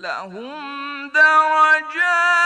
lahum darajat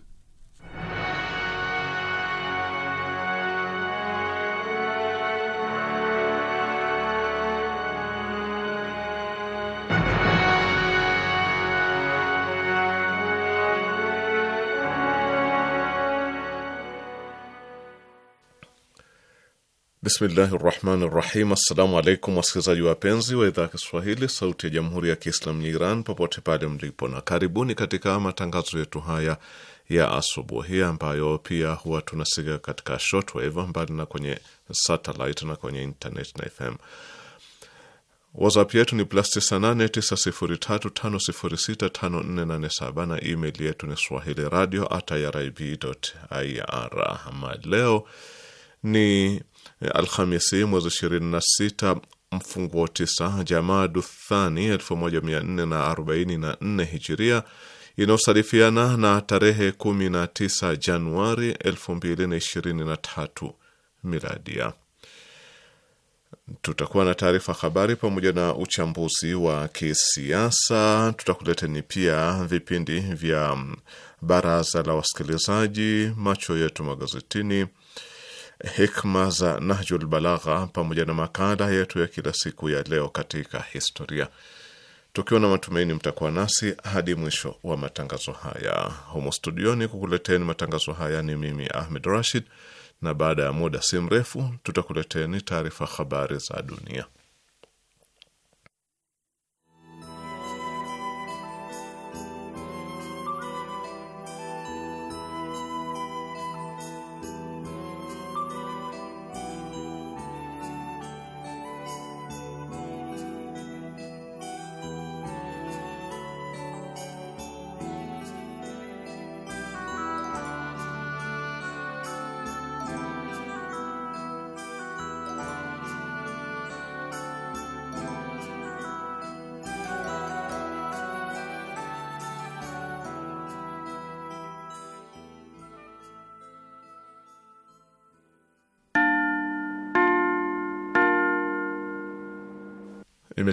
Bismillahi rahmani rahim. Assalamu alaikum wasikilizaji wapenzi wa idhaa ya Kiswahili sauti ya jamhuri ya Kiislamu ya Iran popote pale mlipo, na karibuni katika matangazo yetu haya ya asubuhi ambayo pia huwa tunasikia katika shortwave mbali na kwenye satellite na kwenye internet na FM. WhatsApp yetu ni plus 989035065487 na email yetu ni swahili radio at irib.ir. Ama leo ni Alhamisi mwezi 26 mfunguo 9 Jamadu Thani 1444 Hijiria inayosadifiana na tarehe 19 Januari 2023 miladia. Tutakuwa na taarifa habari pamoja na uchambuzi wa kisiasa. Tutakuleteni pia vipindi vya baraza la wasikilizaji, macho yetu magazetini hikma za Nahjul Balagha pamoja na makala yetu ya kila siku ya leo katika historia, tukiwa na matumaini mtakuwa nasi hadi mwisho wa matangazo haya. Humo studioni kukuleteni matangazo haya ni mimi Ahmed Rashid, na baada ya muda si mrefu tutakuleteni taarifa habari za dunia.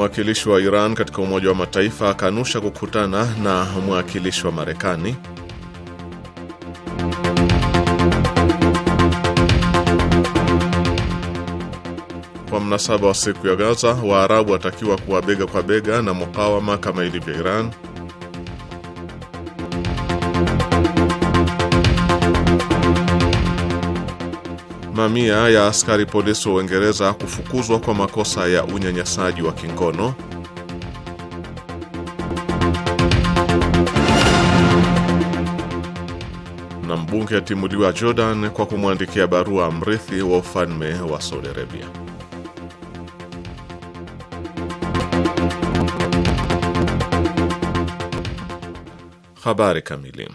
Mwakilishi wa Iran katika Umoja wa Mataifa akanusha kukutana na mwakilishi wa Marekani. Kwa mnasaba wa siku ya Gaza, Waarabu watakiwa kuwa bega kwa bega na mukawama kama ilivyo Iran. mamia ya askari polisi wa Uingereza kufukuzwa kwa makosa ya unyanyasaji wa kingono. Na mbunge atimuliwa Jordan kwa kumwandikia barua mrithi wa ufalme wa Saudi Arabia. Habari kamili.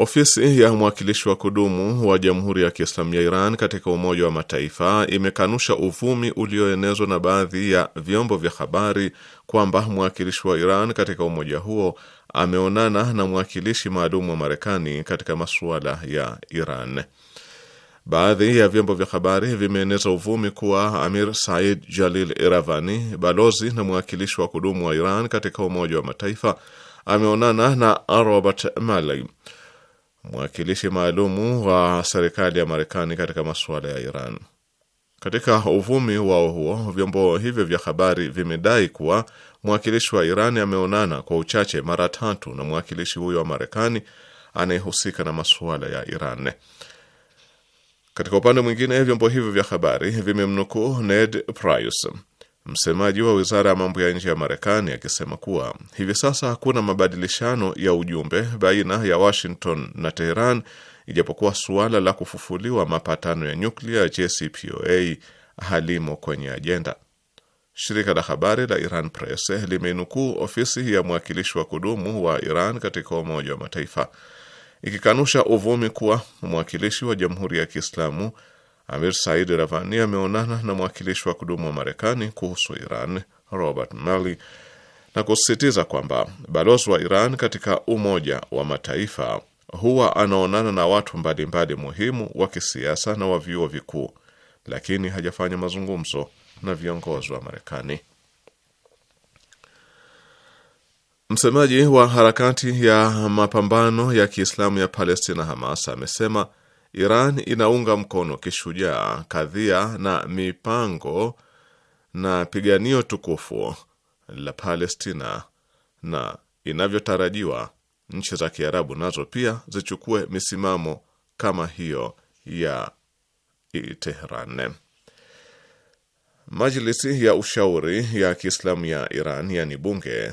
Ofisi ya mwakilishi wa kudumu wa Jamhuri ya Kiislamu ya Iran katika Umoja wa Mataifa imekanusha uvumi ulioenezwa na baadhi ya vyombo vya habari kwamba mwakilishi wa Iran katika umoja huo ameonana na mwakilishi maalum wa Marekani katika masuala ya Iran. Baadhi ya vyombo vya habari vimeeneza uvumi kuwa Amir Said Jalil Iravani, balozi na mwakilishi wa kudumu wa Iran katika Umoja wa Mataifa, ameonana na Robert Malley mwakilishi maalumu wa serikali ya Marekani katika masuala ya Iran. Katika uvumi wao huo, vyombo hivyo vya habari vimedai kuwa mwakilishi wa Iran ameonana kwa uchache mara tatu na mwakilishi huyo wa Marekani anayehusika na masuala ya Iran. Katika upande mwingine, vyombo hivyo vya habari vimemnukuu Ned Price, Msemaji wa wizara ya mambo ya nje ya Marekani akisema kuwa hivi sasa hakuna mabadilishano ya ujumbe baina ya Washington na Teheran, ijapokuwa suala la kufufuliwa mapatano ya nyuklia JCPOA halimo kwenye ajenda. Shirika la habari la Iran Press limeinukuu ofisi ya mwakilishi wa kudumu wa Iran katika Umoja wa Mataifa ikikanusha uvumi kuwa mwakilishi wa Jamhuri ya Kiislamu Amir Said Ravani ameonana na mwakilishi wa kudumu wa Marekani kuhusu Iran Robert Malley na kusisitiza kwamba balozi wa Iran katika Umoja wa Mataifa huwa anaonana na watu mbalimbali muhimu wa kisiasa na wa vyuo vikuu, lakini hajafanya mazungumzo na viongozi wa Marekani. Msemaji wa harakati ya mapambano ya Kiislamu ya Palestina Hamas amesema Iran inaunga mkono kishujaa kadhia na mipango na piganio tukufu la Palestina na inavyotarajiwa nchi za Kiarabu nazo pia zichukue misimamo kama hiyo ya Tehran. Majlisi ya ushauri ya Kiislamu ya Iran, yani bunge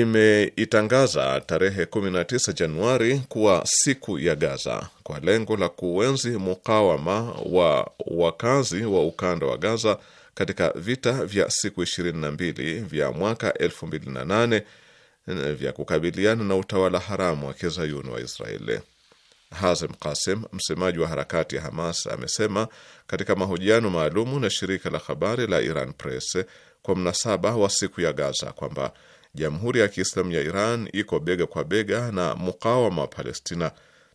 imeitangaza tarehe 19 Januari kuwa siku ya Gaza kwa lengo la kuenzi mukawama wa wakazi wa ukanda wa Gaza katika vita vya siku 22 vya mwaka 2008 eh, vya kukabiliana na utawala haramu wa kizayuni wa Israeli. Hazem Kassem, msemaji wa harakati ya Hamas, amesema katika mahojiano maalumu na shirika la habari la Iran Press kwa mnasaba wa siku ya Gaza kwamba Jamhuri ya Kiislamu ya Iran iko bega kwa bega na mukawama wa Palestina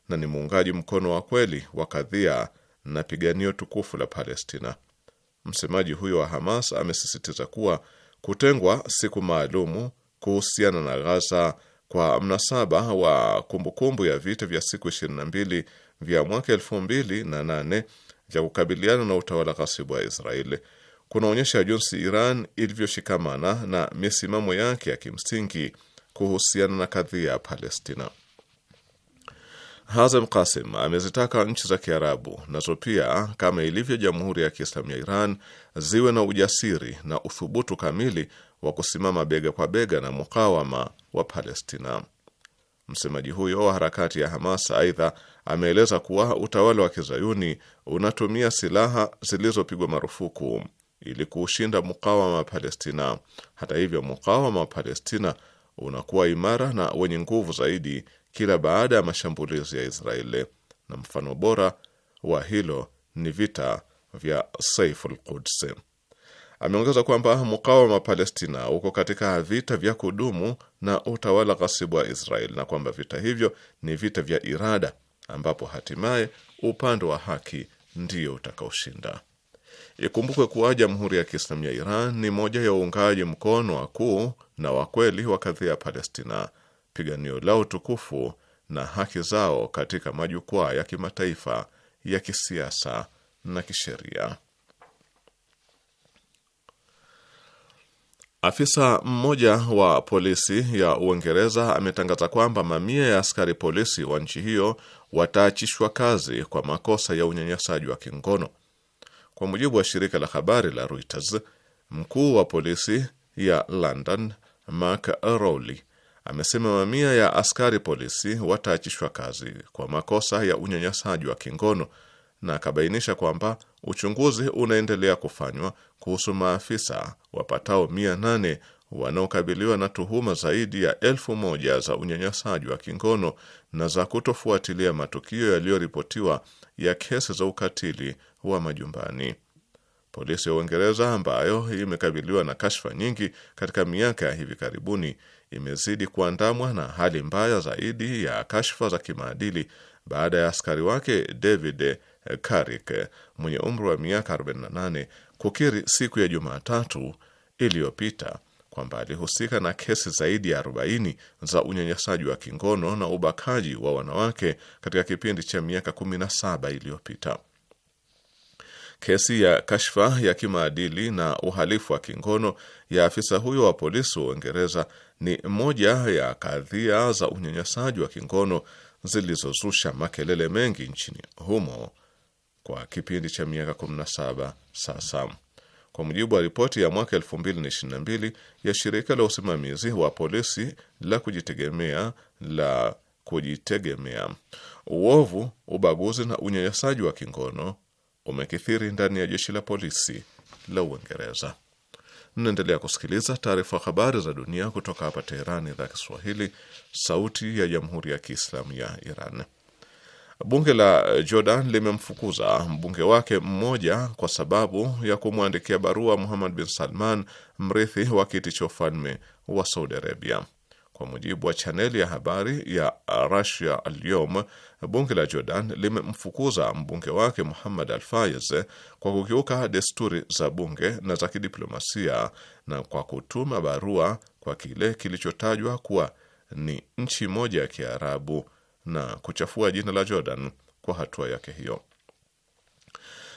na ni muungaji mkono wa kweli wa kadhia na piganio tukufu la Palestina. Msemaji huyo wa Hamas amesisitiza kuwa kutengwa siku maalumu kuhusiana na Gaza kwa mnasaba wa kumbukumbu kumbu ya vita vya siku 22 vya mwaka 2008 vya kukabiliana na utawala ghasibu wa Israeli kunaonyesha jinsi Iran ilivyoshikamana na misimamo yake ya kimsingi kuhusiana na kadhia ya Palestina. Hazem Kasim amezitaka nchi za Kiarabu nazo pia kama ilivyo Jamhuri ya Kiislamu ya Iran ziwe na ujasiri na uthubutu kamili wa kusimama bega kwa bega na mukawama wa Palestina. Msemaji huyo wa harakati ya Hamas aidha ameeleza kuwa utawala wa kizayuni unatumia silaha zilizopigwa marufuku ili kuushinda mukawama wa Palestina. Hata hivyo, mukawama wa Palestina unakuwa imara na wenye nguvu zaidi kila baada ya mashambulizi ya Israeli, na mfano bora wa hilo ni vita vya Saiful Quds. Ameongeza kwamba mukawama wa Palestina uko katika vita vya kudumu na utawala ghasibu wa Israeli na kwamba vita hivyo ni vita vya irada ambapo hatimaye upande wa haki ndio utakaoshinda. Ikumbukwe kuwa Jamhuri ya Kiislamu ya Iran ni moja ya uungaji mkono wakuu na wakweli wa kadhia ya Palestina, piganio lao tukufu na haki zao katika majukwaa ya kimataifa ya kisiasa na kisheria. Afisa mmoja wa polisi ya Uingereza ametangaza kwamba mamia ya askari polisi wa nchi hiyo wataachishwa kazi kwa makosa ya unyanyasaji wa kingono. Kwa mujibu wa shirika la habari la Reuters, mkuu wa polisi ya London Mark Rowley amesema mamia ya askari polisi wataachishwa kazi kwa makosa ya unyanyasaji wa kingono na akabainisha kwamba uchunguzi unaendelea kufanywa kuhusu maafisa wapatao mia nane wanaokabiliwa na tuhuma zaidi ya elfu moja za unyanyasaji wa kingono na za kutofuatilia matukio yaliyoripotiwa ya kesi za ukatili wa majumbani. Polisi ya Uingereza ambayo imekabiliwa na kashfa nyingi katika miaka ya hivi karibuni imezidi kuandamwa na hali mbaya zaidi ya kashfa za kimaadili baada ya askari wake David Carrick mwenye umri wa miaka 48 kukiri siku ya Jumatatu iliyopita kwamba alihusika na kesi zaidi ya 40 za unyanyasaji wa kingono na ubakaji wa wanawake katika kipindi cha miaka 17 iliyopita. Kesi ya kashfa ya kimaadili na uhalifu wa kingono ya afisa huyo wa polisi wa Uingereza ni moja ya kadhia za unyanyasaji wa kingono zilizozusha makelele mengi nchini humo kwa kipindi cha miaka 17 sasa. Kwa mujibu wa ripoti ya mwaka 2022 ya shirika la usimamizi wa polisi la kujitegemea la kujitegemea, uovu, ubaguzi na unyanyasaji wa kingono umekithiri ndani ya jeshi la polisi la Uingereza. Mnaendelea kusikiliza taarifa habari za dunia kutoka hapa Teherani, idhaa Kiswahili, sauti ya jamhuri ya kiislamu ya Iran. Bunge la Jordan limemfukuza mbunge wake mmoja kwa sababu ya kumwandikia barua Muhammad bin Salman, mrithi wa kiti cha ufalme wa Saudi Arabia. Kwa mujibu wa chaneli ya habari ya Russia Alyom, bunge la Jordan limemfukuza mbunge wake Muhammad Alfayez kwa kukiuka desturi za bunge na za kidiplomasia na kwa kutuma barua kwa kile kilichotajwa kuwa ni nchi moja ya Kiarabu na kuchafua jina la Jordan kwa hatua yake hiyo.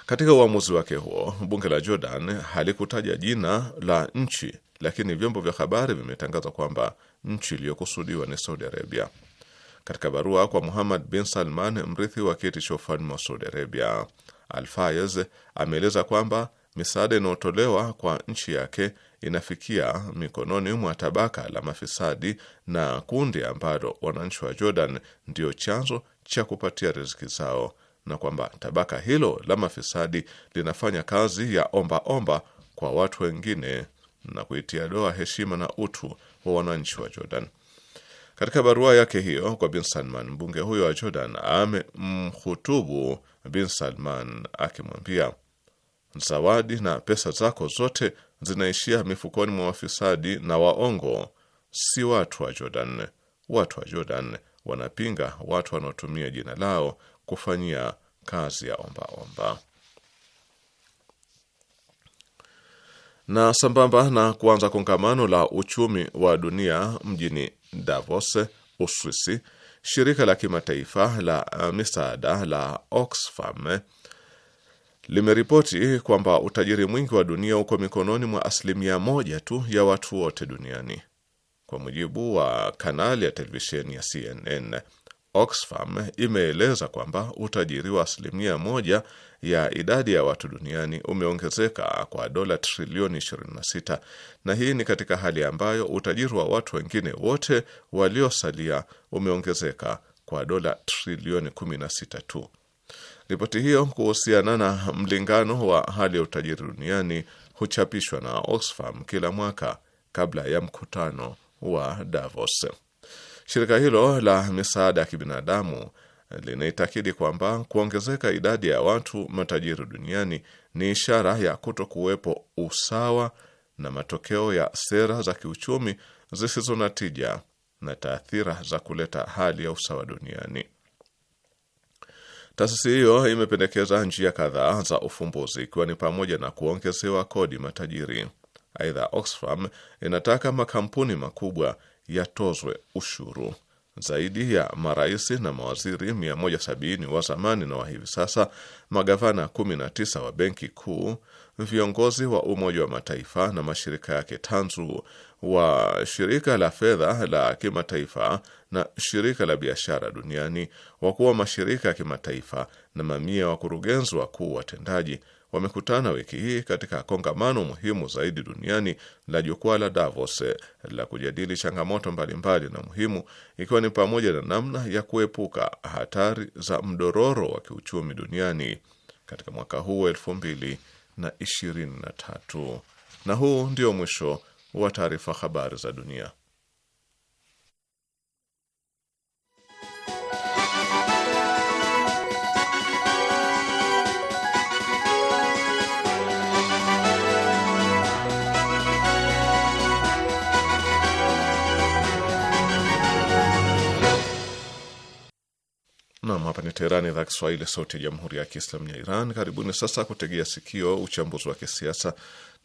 Katika uamuzi wake huo, bunge la Jordan halikutaja jina la nchi, lakini vyombo vya habari vimetangaza kwamba nchi iliyokusudiwa ni Saudi Arabia. Katika barua kwa Muhammad bin Salman, mrithi wa kiti cha ufalme wa Saudi Arabia, Alfayez ameeleza kwamba misaada inayotolewa kwa nchi yake inafikia mikononi mwa tabaka la mafisadi na kundi ambalo wananchi wa Jordan ndio chanzo cha kupatia riziki zao, na kwamba tabaka hilo la mafisadi linafanya kazi ya omba-omba kwa watu wengine na kuitia doa heshima na utu wa wananchi wa Jordan. Katika barua yake hiyo kwa Bin Salman, mbunge huyo wa Jordan amemhutubu Bin Salman akimwambia zawadi na pesa zako zote zinaishia mifukoni mwa wafisadi na waongo, si watu wa Jordan. Watu wa Jordan wanapinga watu wanaotumia jina lao kufanyia kazi ya ombaomba. Na sambamba na kuanza kongamano la uchumi wa dunia mjini Davos, Uswisi, shirika la kimataifa la misaada la Oxfam limeripoti kwamba utajiri mwingi wa dunia uko mikononi mwa asilimia moja tu ya watu wote duniani. Kwa mujibu wa kanali ya televisheni ya CNN, Oxfam imeeleza kwamba utajiri wa asilimia moja ya idadi ya watu duniani umeongezeka kwa dola trilioni 26 na hii ni katika hali ambayo utajiri wa watu wengine wote waliosalia umeongezeka kwa dola trilioni 16 tu. Ripoti hiyo kuhusiana na mlingano wa hali ya utajiri duniani huchapishwa na Oxfam kila mwaka kabla ya mkutano wa Davos. Shirika hilo la misaada ya kibinadamu linaitakidi kwamba kuongezeka idadi ya watu matajiri duniani ni ishara ya kuto kuwepo usawa na matokeo ya sera za kiuchumi zisizo na tija na taathira za kuleta hali ya usawa duniani. Taasisi hiyo imependekeza njia kadhaa za ufumbuzi, ikiwa ni pamoja na kuongezewa kodi matajiri. Aidha, Oxfam inataka makampuni makubwa yatozwe ushuru. Zaidi ya marais na mawaziri 170 wa zamani na wa hivi sasa, magavana 19 wa benki kuu, viongozi wa Umoja wa Mataifa na mashirika yake tanzu wa shirika la fedha la kimataifa na shirika la biashara duniani, wakuu wa mashirika ya kimataifa na mamia wakurugenzi wakuu watendaji wamekutana wiki hii katika kongamano muhimu zaidi duniani la jukwaa la Davos la kujadili changamoto mbalimbali na muhimu, ikiwa ni pamoja na namna ya kuepuka hatari za mdororo wa kiuchumi duniani katika mwaka huu elfu mbili na ishirini na tatu. Na huu ndio mwisho wa taarifa habari za dunia. Nam, hapa ni Teherani, idhaa Kiswahili, sauti ya jamhuri ya kiislamu ya Iran. Karibuni sasa kutegea sikio uchambuzi wa kisiasa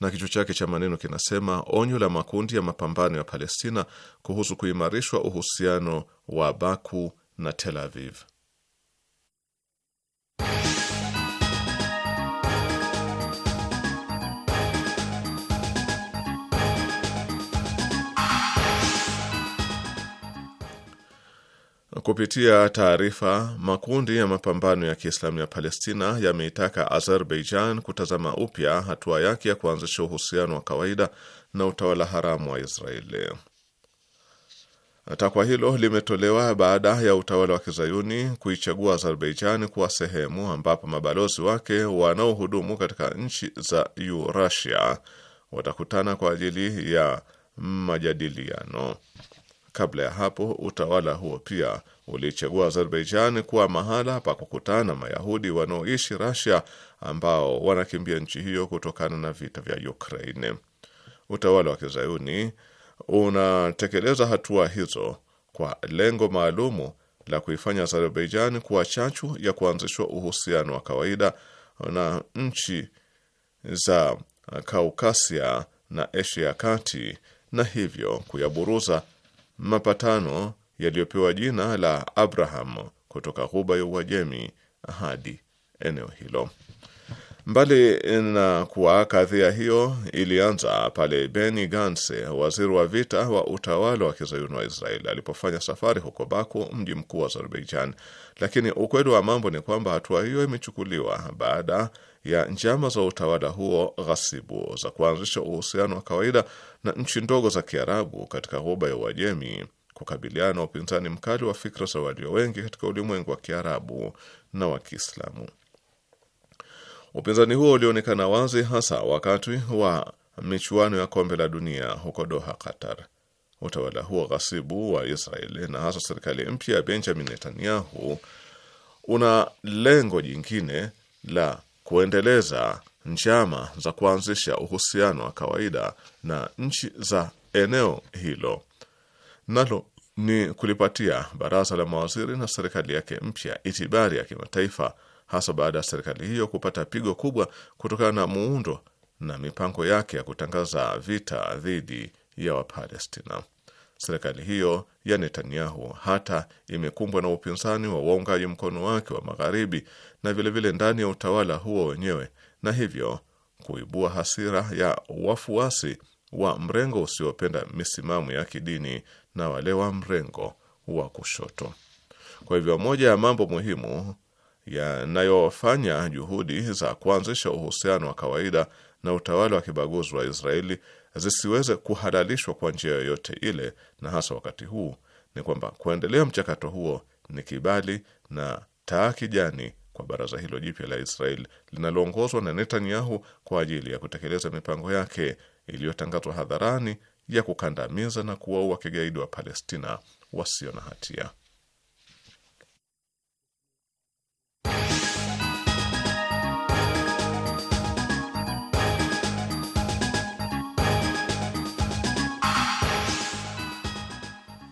na kichwa chake cha maneno kinasema onyo la makundi ya mapambano ya Palestina kuhusu kuimarishwa uhusiano wa Baku na Tel Aviv. Kupitia taarifa, makundi ya mapambano ya Kiislamu ya Palestina yameitaka Azerbaijan kutazama upya hatua yake ya kuanzisha uhusiano wa kawaida na utawala haramu wa Israeli. Takwa hilo limetolewa baada ya utawala wa kizayuni kuichagua Azerbaijan kuwa sehemu ambapo mabalozi wake wanaohudumu katika nchi za Urasia watakutana kwa ajili ya majadiliano. Kabla ya hapo utawala huo pia ulichagua Azerbaijan kuwa mahala pa kukutana Mayahudi wanaoishi rasia ambao wanakimbia nchi hiyo kutokana na vita vya Ukraine. Utawala wa kizayuni unatekeleza hatua hizo kwa lengo maalumu la kuifanya Azerbaijan kuwa chachu ya kuanzishwa uhusiano wa kawaida na nchi za Kaukasia na Asia ya kati na hivyo kuyaburuza mapatano yaliyopewa jina la Abraham kutoka ghuba ya Uajemi hadi eneo hilo. Mbali na kuwa kadhia hiyo ilianza pale Beni Ganse, waziri wa vita wa utawala wa kizayuni wa Israeli, alipofanya safari huko Baku, mji mkuu wa Azerbaijan. Lakini ukweli wa mambo ni kwamba hatua hiyo imechukuliwa baada ya njama za utawala huo ghasibu za kuanzisha uhusiano wa kawaida na nchi ndogo za Kiarabu katika ghuba ya Uajemi, kukabiliana na upinzani mkali wa fikra za walio wengi katika ulimwengu wa Kiarabu na wa Kiislamu. Upinzani huo ulionekana wazi hasa wakati wa michuano ya kombe la dunia huko Doha, Qatar. Utawala huo ghasibu wa Israeli na hasa serikali mpya ya Benjamin Netanyahu una lengo jingine la kuendeleza njama za kuanzisha uhusiano wa kawaida na nchi za eneo hilo, nalo ni kulipatia baraza la mawaziri na serikali yake mpya itibari ya kimataifa, hasa baada ya serikali hiyo kupata pigo kubwa kutokana na muundo na mipango yake ya kutangaza vita dhidi ya Wapalestina. Serikali hiyo ya Netanyahu hata imekumbwa na upinzani wa waungaji mkono wake wa magharibi na vilevile ndani ya utawala huo wenyewe, na hivyo kuibua hasira ya wafuasi wa mrengo usiopenda misimamo ya kidini na wale wa mrengo wa kushoto. Kwa hivyo, moja ya mambo muhimu yanayofanya juhudi za kuanzisha uhusiano wa kawaida na utawala wa kibaguzi wa Israeli zisiweze kuhalalishwa kwa njia yoyote ile, na hasa wakati huu ni kwamba kuendelea mchakato huo ni kibali na taa kijani kwa baraza hilo jipya la Israel linaloongozwa na Netanyahu kwa ajili ya kutekeleza mipango yake iliyotangazwa hadharani ya kukandamiza na kuwaua kigaidi wa Palestina wasio na hatia.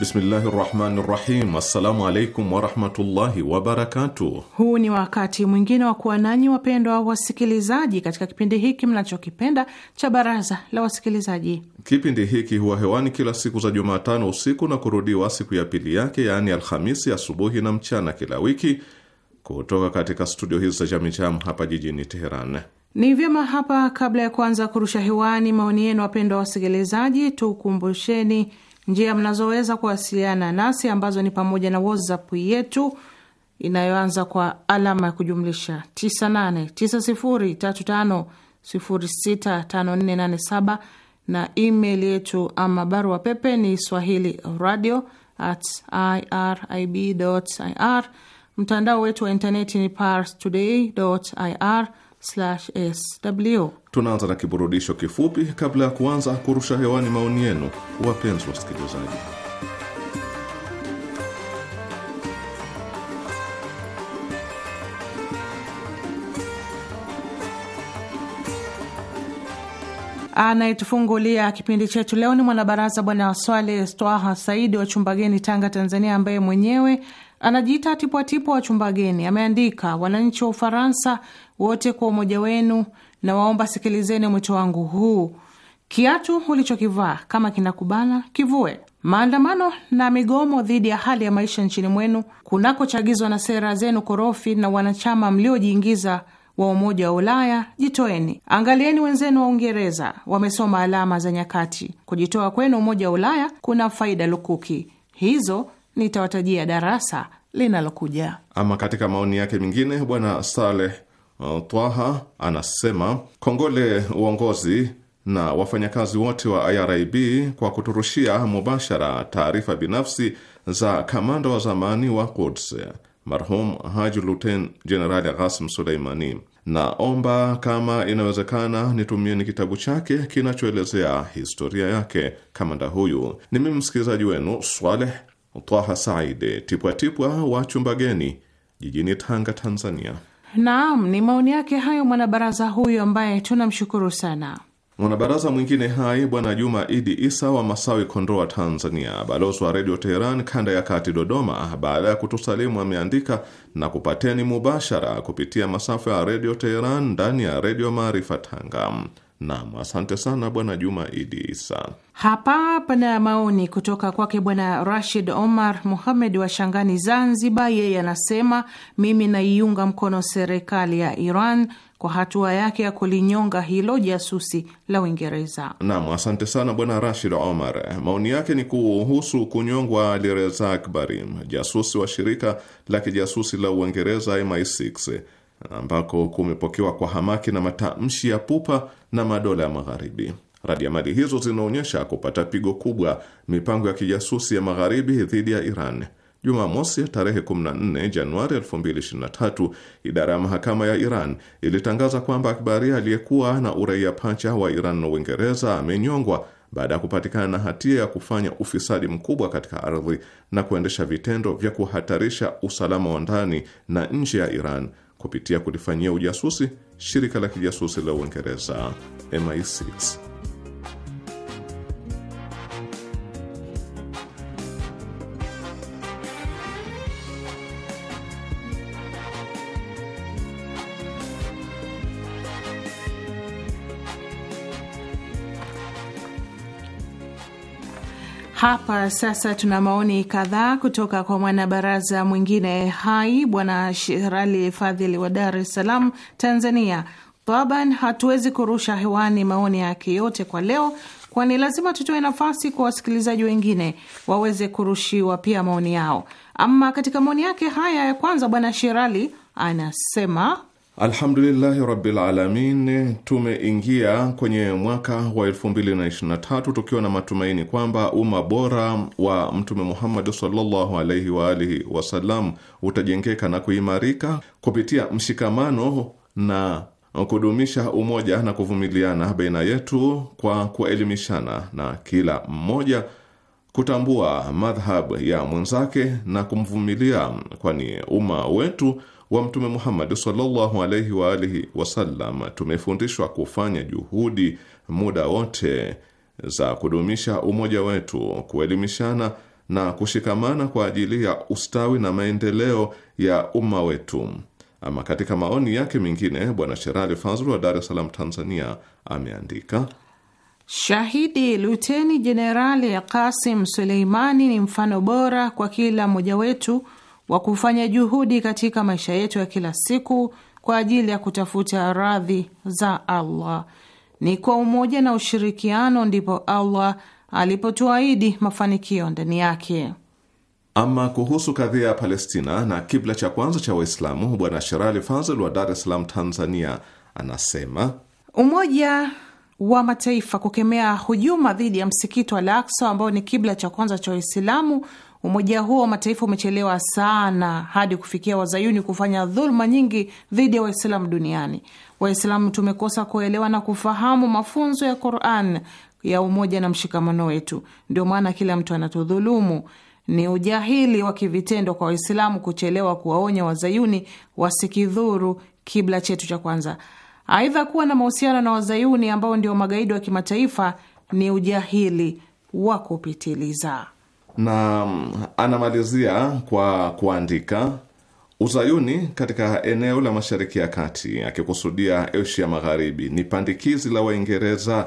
Bismillahi rahmani rahim. Assalamu alaikum warahmatullahi Huu ni wakati mwingine wa kuwa nanyi wapendwa wasikilizaji, katika kipindi hiki mnachokipenda cha baraza la wasikilizaji. Kipindi hiki huwa hewani kila siku za Jumatano usiku na kurudiwa siku ya pili yake, yaani Alhamisi asubuhi ya na mchana kila wiki, kutoka katika studio hizi za Jamijam hapa jijini Teheran. Ni vyema hapa, kabla ya kuanza kurusha hewani maoni yenu, wapendwa wasikilizaji, tukumbusheni njia mnazoweza kuwasiliana nasi ambazo ni pamoja na WhatsApp yetu inayoanza kwa alama ya kujumlisha 989035065487 na email yetu ama barua pepe ni swahili radio at irib ir. Mtandao wetu wa intaneti ni pars today ir sw. Tunaanza na kiburudisho kifupi kabla ya kuanza kurusha hewani maoni yenu, wapenzi wasikilizaji. Anayetufungulia kipindi chetu leo ni mwanabaraza Bwana Waswale Stwaha Saidi wa Chumbageni, Tanga, Tanzania, ambaye mwenyewe anajiita tipwatipwa wa Chumbageni. Ameandika, wananchi wa Ufaransa wote kwa umoja wenu, na waomba sikilizeni mwito wangu huu. Kiatu ulichokivaa kama kinakubana kivue. Maandamano na migomo dhidi ya hali ya maisha nchini mwenu kunakochagizwa na sera zenu korofi na wanachama mliojiingiza wa Umoja wa Ulaya, jitoeni. Angalieni wenzenu wa Uingereza wamesoma alama za nyakati. Kujitoa kwenu Umoja wa Ulaya kuna faida lukuki, hizo nitawatajia darasa linalokuja. Ama katika maoni yake mengine, Bwana Saleh Uh, Twaha anasema kongole uongozi na wafanyakazi wote wa IRIB kwa kuturushia mubashara taarifa binafsi za kamanda wa zamani wa Quds marhum Haji Luten Jenerali Ghasim Suleimani. Naomba kama inawezekana nitumieni kitabu chake kinachoelezea historia yake kamanda huyu. Ni mimi msikilizaji wenu Swaleh Twaha Saidi Tipwatipwa wa Chumbageni jijini Tanga, Tanzania. Naam, ni maoni yake hayo mwanabaraza huyu ambaye tunamshukuru sana. Mwanabaraza mwingine hai Bwana Juma Idi Isa wa Masawi, Kondoa, Tanzania, balozi wa Redio Teheran kanda ya kati Dodoma, baada ya kutusalimu ameandika na kupateni mubashara kupitia masafa ya Redio Teheran ndani ya Redio Maarifa Tanga. Naam, asante sana Bwana Juma Idi Isa. Hapa pana maoni kutoka kwake Bwana Rashid Omar Muhamed wa Shangani, Zanzibar. Yeye anasema mimi naiunga mkono serikali ya Iran kwa hatua yake ya kulinyonga hilo jasusi la Uingereza. Naam, asante sana Bwana Rashid Omar. Maoni yake ni kuhusu kunyongwa Alireza Akbari, jasusi wa shirika la kijasusi la Uingereza MI6 ambako kumepokewa kwa hamaki na matamshi ya pupa na madola ya Magharibi. Radiamali hizo zinaonyesha kupata pigo kubwa mipango ya kijasusi ya Magharibi dhidi ya Iran. Jumamosi tarehe 14 Januari 2023, idara ya mahakama ya Iran ilitangaza kwamba akbari aliyekuwa na uraia pacha wa Iran na Uingereza amenyongwa baada ya kupatikana na hatia ya kufanya ufisadi mkubwa katika ardhi na kuendesha vitendo vya kuhatarisha usalama wa ndani na nje ya Iran kupitia kulifanyia ujasusi shirika la kijasusi la Uingereza MI6. Hapa sasa tuna maoni kadhaa kutoka kwa mwanabaraza mwingine hai, Bwana Shirali Fadhili wa Dar es Salaam, Tanzania. Taban, hatuwezi kurusha hewani maoni yake yote kwa leo, kwani lazima tutoe nafasi kwa wasikilizaji wengine waweze kurushiwa pia maoni yao. Ama katika maoni yake haya ya kwanza, Bwana Shirali anasema Alhamdulillahi rabbil alamin, tumeingia kwenye mwaka wa 2023 tukiwa na matumaini kwamba umma bora wa Mtume Muhammad sallallahu alaihi wa alihi wasallam utajengeka na kuimarika kupitia mshikamano na kudumisha umoja na kuvumiliana baina yetu kwa kuelimishana na kila mmoja kutambua madhhab ya mwenzake na kumvumilia, kwani umma wetu wa Mtume Muhammad sallallahu wa alihi wasallam tumefundishwa kufanya juhudi muda wote za kudumisha umoja wetu, kuelimishana na kushikamana kwa ajili ya ustawi na maendeleo ya umma wetu. Ama katika maoni yake mengine, Bwana Sherali Fazl wa Dar es Salaam, Tanzania, ameandika Shahidi Luteni Jenerali Kasim Suleimani ni mfano bora kwa kila mmoja wetu wa kufanya juhudi katika maisha yetu ya kila siku kwa ajili ya kutafuta radhi za Allah. Ni kwa umoja na ushirikiano ndipo Allah alipotuahidi mafanikio ndani yake. Ama kuhusu kadhia ya Palestina na kibla cha kwanza cha Waislamu, Bwana Sherali Fazl wa Dar es Salaam, Tanzania, anasema Umoja wa Mataifa kukemea hujuma dhidi ya msikiti wa Al-Aqsa ambao ni kibla cha kwanza cha Waislamu Umoja huo wa Mataifa umechelewa sana hadi kufikia wazayuni kufanya dhuluma nyingi dhidi ya Waislamu duniani. Waislamu tumekosa kuelewa na kufahamu mafunzo ya Quran ya umoja na mshikamano wetu, ndio maana kila mtu anatudhulumu. Ni ujahili wa kivitendo kwa Waislamu kuchelewa kuwaonya wazayuni wasikidhuru kibla chetu cha kwanza. Aidha, kuwa na mahusiano na wazayuni ambao ndio magaidi wa kimataifa ni ujahili wa kupitiliza na mm, anamalizia kwa kuandika Uzayuni katika eneo la Mashariki ya Kati, akikusudia Asia Magharibi, ni pandikizi la Waingereza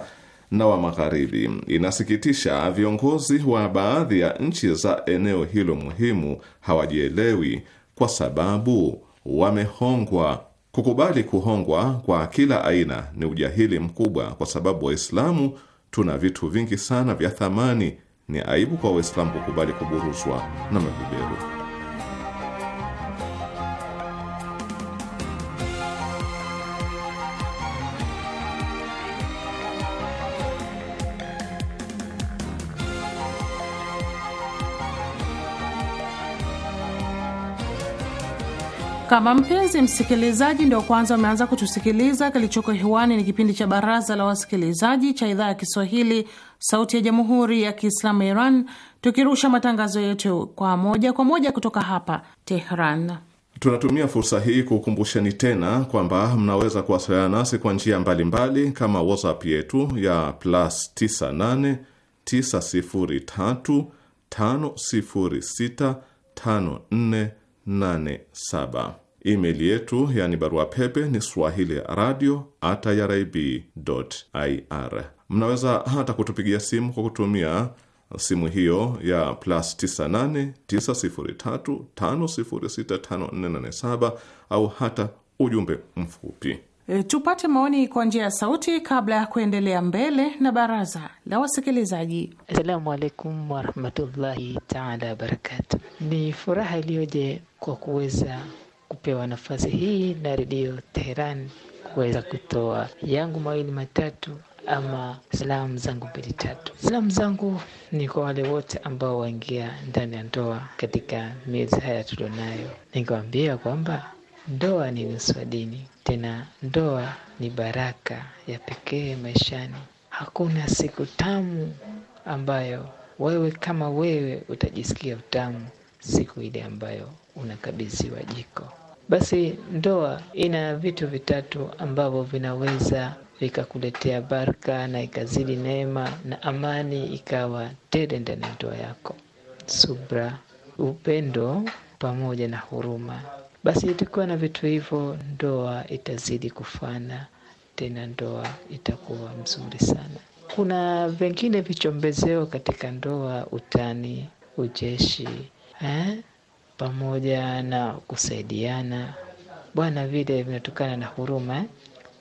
na wa Magharibi. Inasikitisha, viongozi wa baadhi ya nchi za eneo hilo muhimu hawajielewi, kwa sababu wamehongwa. Kukubali kuhongwa kwa kila aina ni ujahili mkubwa, kwa sababu Waislamu tuna vitu vingi sana vya thamani ni aibu kwa Waislamu kukubali kuburuzwa na mabeberu. Kama mpenzi msikilizaji ndio kwanza umeanza kutusikiliza, kilichoko hewani ni kipindi cha Baraza la Wasikilizaji cha Idhaa ya Kiswahili, Sauti ya Jamhuri ya Kiislamu ya Iran, tukirusha matangazo yetu kwa moja kwa moja kutoka hapa Tehran. Tunatumia fursa hii kukumbusheni tena kwamba mnaweza kuwasiliana nasi kwa njia mbalimbali kama WhatsApp yetu ya plus 98 903 506 5487 Email yetu yani barua pepe ni swahili radio at irib Mnaweza hata kutupigia simu kwa kutumia simu hiyo ya plus 98 au hata ujumbe mfupi. E, tupate maoni kwa njia ya sauti kabla ya kuendelea mbele na baraza la wasikilizaji. Asalamu alaikum warahmatullahi taala wabarakatu. Ni furaha iliyoje kwa kuweza kupewa nafasi hii na Redio Teheran kuweza kutoa yangu mawili matatu ama salamu zangu mbili tatu. Salamu zangu ni kwa wale wote ambao waingia ndani ya ndoa katika miezi haya tulionayo, nikiwaambia kwamba ndoa ni nusu dini, tena ndoa ni baraka ya pekee maishani. Hakuna siku tamu ambayo wewe kama wewe utajisikia utamu siku ile ambayo unakabidhiwa jiko. Basi ndoa ina vitu vitatu ambavyo vinaweza vikakuletea baraka na ikazidi neema na amani ikawa tele ndani ya ndoa yako: subra, upendo pamoja na huruma. Basi itakuwa na vitu hivyo, ndoa itazidi kufana, tena ndoa itakuwa mzuri sana. Kuna vingine vichombezeo katika ndoa: utani, ujeshi eh? pamoja na kusaidiana. Bwana vile vinatokana na huruma eh?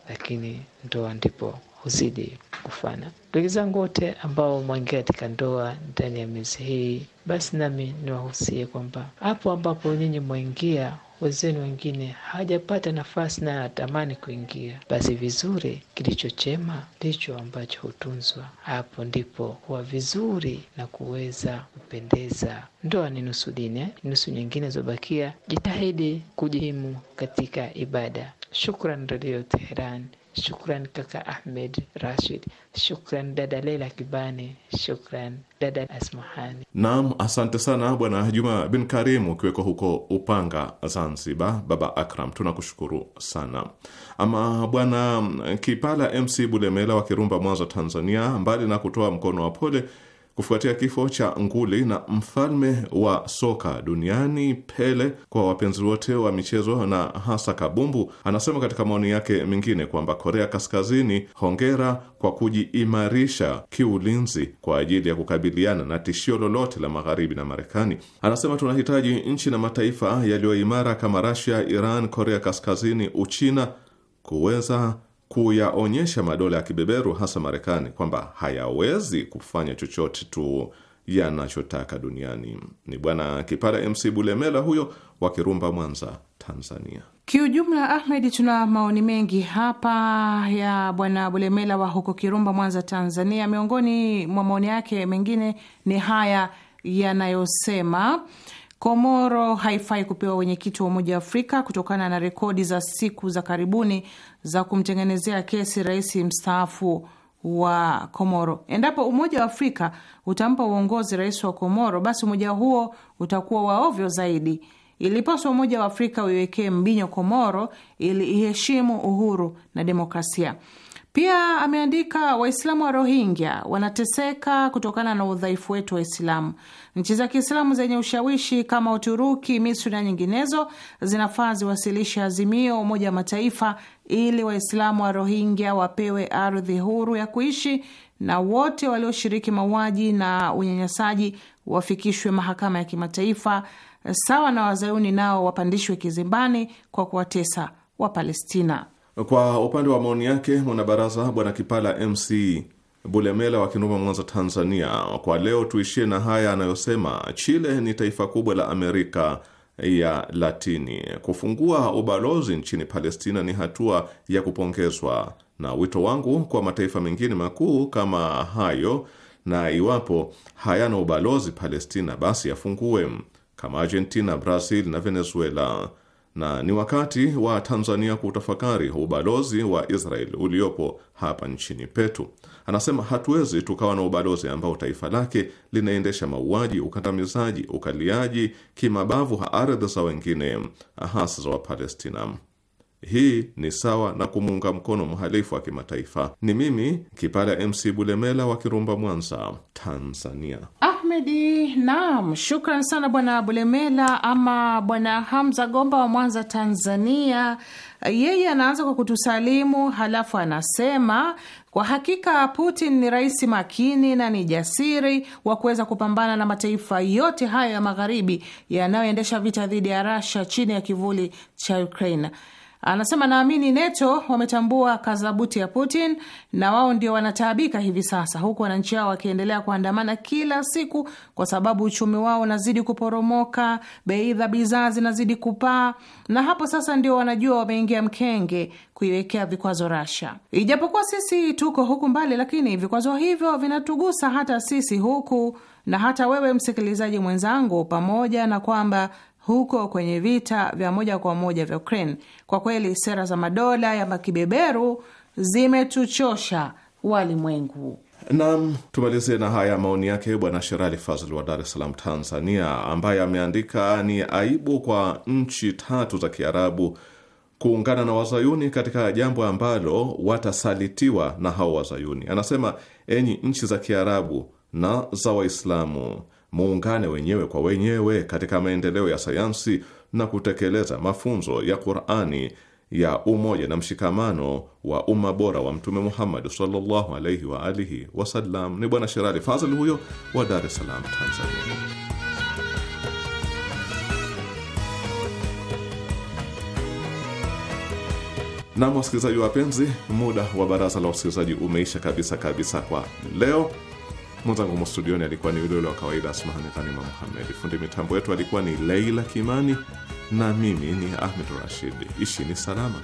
Lakini ndoa ndipo huzidi kufana. Ndugu zangu wote ambao mwaingia katika ndoa ndani ya miezi hii, basi nami niwahusie kwamba hapo ambapo nyinyi mwaingia wazeni wengine hajapata nafasi na anatamani kuingia, basi vizuri, kilicho chema ndicho ambacho hutunzwa. Hapo ndipo huwa vizuri na kuweza kupendeza. Ndoa ni nusu dini, eh? nusu nyingine zobakia, jitahidi kujihimu katika ibada. Shukran, Radio Teheran. Shukran kaka Ahmed Rashid, shukran dada Leila Kibani, shukran dada Asmahani. Naam, asante sana bwana Juma bin Karim ukiweko huko Upanga, Zanzibar. Baba Akram, tunakushukuru sana. Ama bwana Kipala MC Bulemela wa Kirumba, Mwanza, Tanzania, mbali na kutoa mkono wa pole kufuatia kifo cha nguli na mfalme wa soka duniani Pele. Kwa wapenzi wote wa michezo na hasa kabumbu, anasema katika maoni yake mengine kwamba Korea Kaskazini, hongera kwa kujiimarisha kiulinzi kwa ajili ya kukabiliana na tishio lolote la magharibi na Marekani. Anasema tunahitaji nchi na mataifa yaliyoimara kama rasia Iran, Korea Kaskazini, Uchina kuweza kuyaonyesha madola ya kibeberu hasa Marekani kwamba hayawezi kufanya chochote tu yanachotaka duniani. Ni Bwana Kipara MC Bulemela huyo wa Kirumba, Mwanza, Tanzania. Kiujumla Ahmed, tuna maoni mengi hapa ya Bwana Bulemela wa huko Kirumba, Mwanza, Tanzania. Miongoni mwa maoni yake mengine ni haya yanayosema Komoro haifai kupewa wenyekiti wa Umoja wa Afrika kutokana na rekodi za siku za karibuni za kumtengenezea kesi rais mstaafu wa Komoro. Endapo Umoja wa Afrika utampa uongozi rais wa Komoro, basi umoja huo utakuwa waovyo zaidi. Ilipaswa Umoja wa Afrika uiwekee mbinyo Komoro ili iheshimu uhuru na demokrasia. Pia ameandika Waislamu wa Rohingya wanateseka kutokana na udhaifu wetu Waislamu. Nchi za Kiislamu zenye ushawishi kama Uturuki, Misri na nyinginezo zinafaa ziwasilishe azimio Umoja wa Mataifa ili Waislamu wa Rohingya wapewe ardhi huru ya kuishi na wote walioshiriki mauaji na unyanyasaji wafikishwe mahakama ya kimataifa sawa na Wazayuni nao wapandishwe kizimbani kwa kuwatesa Wapalestina. Kwa upande wa maoni yake mwanabaraza bwana Kipala MC Bulemela wa Kinuma, Mwanza, Tanzania, kwa leo tuishie na haya anayosema: Chile ni taifa kubwa la Amerika ya Latini. Kufungua ubalozi nchini Palestina ni hatua ya kupongezwa, na wito wangu kwa mataifa mengine makuu kama hayo, na iwapo hayana ubalozi Palestina, basi yafungue kama Argentina, Brazil na Venezuela na ni wakati wa Tanzania kutafakari ubalozi wa Israel uliopo hapa nchini petu. Anasema hatuwezi tukawa na ubalozi ambao taifa lake linaendesha mauaji, ukandamizaji, ukaliaji kimabavu ha ardhi za wengine, hasa za Wapalestina. Hii ni sawa na kumuunga mkono mhalifu wa kimataifa. Ni mimi Kipala MC Bulemela wa Kirumba, Mwanza, Tanzania. Ahmedi, naam, shukran sana bwana Bulemela ama bwana Hamza Gomba wa Mwanza, Tanzania. Yeye anaanza kwa kutusalimu halafu anasema kwa hakika Putin ni rais makini na ni jasiri wa kuweza kupambana na mataifa yote hayo ya magharibi yanayoendesha vita dhidi ya Russia chini ya kivuli cha Ukraina. Anasema naamini NATO wametambua kazabuti ya Putin na wao ndio wanataabika hivi sasa, huku wananchi hao wakiendelea kuandamana kila siku, kwa sababu uchumi wao unazidi kuporomoka, bei za bidhaa zinazidi kupaa, na hapo sasa ndio wanajua wameingia mkenge kuiwekea vikwazo Russia. Ijapokuwa sisi tuko huku mbali, lakini vikwazo hivyo vinatugusa hata sisi huku na hata wewe msikilizaji mwenzangu, pamoja na kwamba huko kwenye vita vya moja kwa moja vya Ukraine. Kwa kweli sera za madola ya makibeberu zimetuchosha walimwengu. Nam, tumalizie na haya maoni yake Bwana Sherali Fazl wa Dar es Salaam, Tanzania, ambaye ameandika ni aibu kwa nchi tatu za Kiarabu kuungana na wazayuni katika jambo ambalo watasalitiwa na hao wazayuni. Anasema, enyi nchi za Kiarabu na za Waislamu, muungane wenyewe kwa wenyewe katika maendeleo ya sayansi na kutekeleza mafunzo ya Qur'ani ya umoja na mshikamano wa umma bora wa Mtume Muhammad sallallahu alayhi wa alihi wasallam. Ni Bwana Sherali Fazl huyo wa Dar es Salaam, Tanzania. Nam, wasikilizaji wapenzi, muda wa baraza la wasikilizaji umeisha kabisa kabisa kwa leo. Mwenzangu mu studioni alikuwa ni yule yule wa kawaida Asmahani Ghanima Muhamedi, fundi mitambo yetu alikuwa ni Leila Kimani na mimi ni Ahmed Rashid. Ishi ni salama.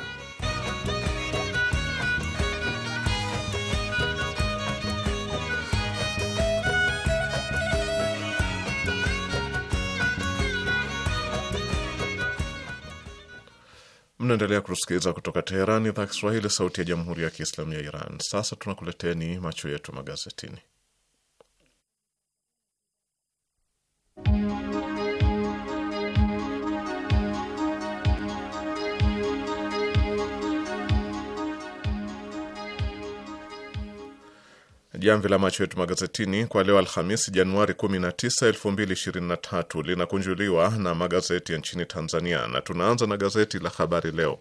Mnaendelea kutusikiliza kutoka Teherani, idhaa Kiswahili, sauti ya jamhuri ya kiislamu ya Iran. Sasa tunakuleteni macho yetu magazetini. Jamvi la macho yetu magazetini kwa leo Alhamisi, Januari 19, 2023 linakunjuliwa na magazeti ya nchini Tanzania, na tunaanza na gazeti la Habari Leo.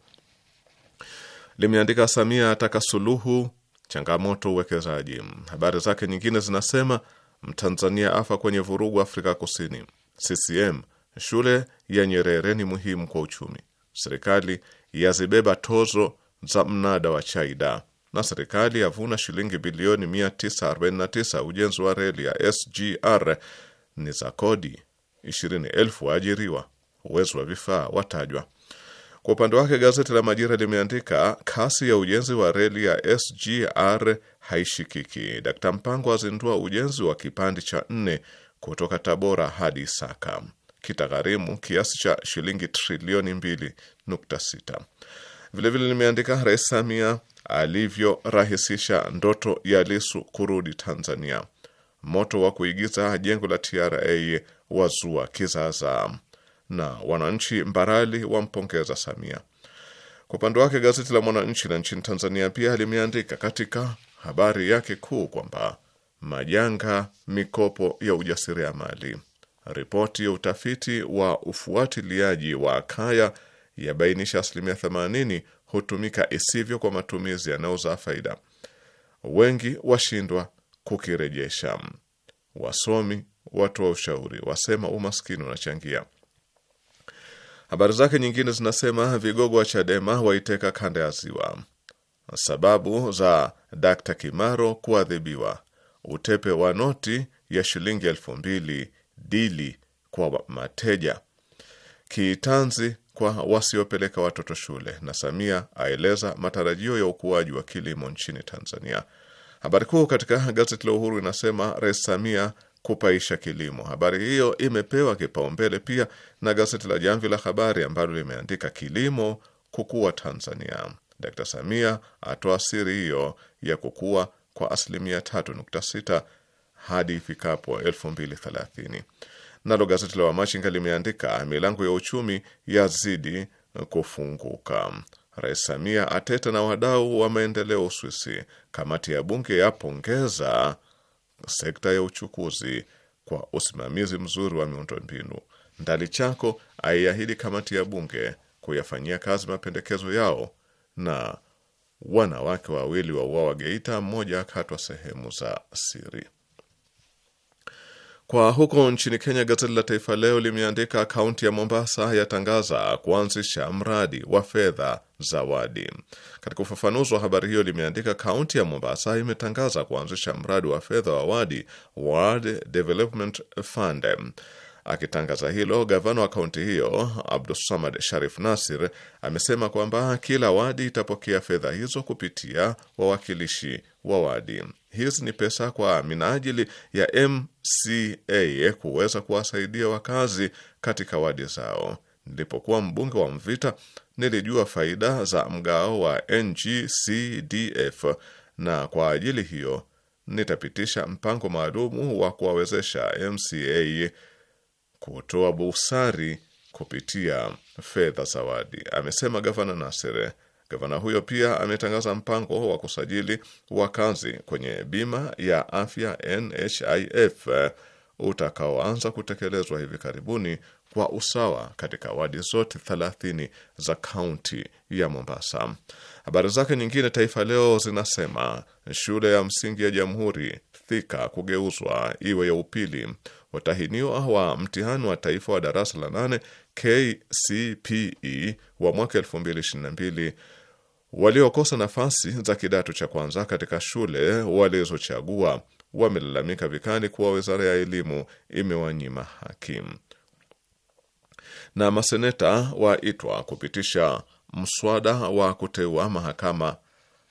Limeandika Samia ataka suluhu changamoto uwekezaji. Habari zake nyingine zinasema Mtanzania afa kwenye vurugu Afrika Kusini, CCM shule ya Nyerere ni muhimu kwa uchumi, serikali yazibeba tozo za mnada wa chaida na serikali yavuna shilingi bilioni 949 ujenzi wa reli ya SGR ni za kodi 20,000 waajiriwa. Uwezo wa vifaa watajwa. Kwa upande wake gazeti la Majira limeandika kasi ya ujenzi wa reli ya SGR haishikiki. Dkt Mpango azindua ujenzi wa kipande cha nne kutoka Tabora hadi Isaka, kitagharimu kiasi cha shilingi trilioni 2.6. Vilevile limeandika Rais Samia alivyorahisisha ndoto ya Lisu kurudi Tanzania. Moto wa kuigiza jengo la TRA wazua kizaazaa, na wananchi Mbarali wampongeza Samia. Kwa upande wake gazeti la Mwananchi la nchini Tanzania pia limeandika katika habari yake kuu kwamba majanga mikopo ya ujasiriamali, ripoti ya utafiti wa ufuatiliaji wa kaya yabainisha asilimia 80 hutumika isivyo kwa matumizi yanayozaa faida, wengi washindwa kukirejesha. Wasomi, watu wa ushauri wasema umaskini unachangia. Habari zake nyingine zinasema vigogo wa Chadema waiteka kanda ya Ziwa, sababu za Dkt. Kimaro kuadhibiwa, utepe wa noti ya shilingi elfu mbili dili kwa mateja, kitanzi kwa wasiopeleka watoto shule, na Samia aeleza matarajio ya ukuaji wa kilimo nchini Tanzania. Habari kuu katika gazeti la Uhuru inasema Rais Samia kupaisha kilimo. Habari hiyo imepewa kipaumbele pia na gazeti la Jamvi la Habari ambalo limeandika kilimo kukua Tanzania. d Samia atoa siri hiyo ya kukua kwa asilimia 3.6 hadi ifikapo 2030. Nalo gazeti la Wamachinga limeandika milango ya uchumi yazidi kufunguka, Rais Samia ateta na wadau wa maendeleo Uswisi, kamati ya bunge yapongeza sekta ya uchukuzi kwa usimamizi mzuri wa miundombinu. chako aiahidi kamati ya bunge kuyafanyia kazi mapendekezo yao. Na wanawake wawili wa uawa Geita, mmoja akatwa sehemu za siri. Kwa huko nchini Kenya, gazeti la Taifa Leo limeandika kaunti ya Mombasa yatangaza kuanzisha mradi wa fedha zawadi. Katika ufafanuzi wa habari hiyo, limeandika kaunti ya Mombasa imetangaza kuanzisha mradi wa fedha wa wadi World Development Fund. Akitangaza hilo, gavana wa kaunti hiyo abdusamad Sharif Nasir amesema kwamba kila wadi itapokea fedha hizo kupitia wawakilishi wa wadi. Hizi ni pesa kwa minajili ya MCA eh, kuweza kuwasaidia wakazi katika wadi zao. Nilipokuwa mbunge wa Mvita nilijua faida za mgao wa NGCDF na kwa ajili hiyo nitapitisha mpango maalum wa kuwawezesha MCA kutoa busari kupitia fedha zawadi, amesema Gavana Nasere. Gavana huyo pia ametangaza mpango wa kusajili wakazi kwenye bima ya afya NHIF utakaoanza kutekelezwa hivi karibuni kwa usawa katika wadi zote 30 za kaunti ya Mombasa. Habari zake nyingine Taifa Leo zinasema shule ya msingi ya Jamhuri Thika kugeuzwa iwe ya upili. Watahiniwa wa mtihani wa taifa wa darasa la nane KCPE wa mwaka mbili Waliokosa nafasi za kidato cha kwanza katika shule walizochagua wamelalamika vikali kuwa wizara ya elimu imewanyima haki. Na maseneta waitwa kupitisha mswada wa kuteua mahakama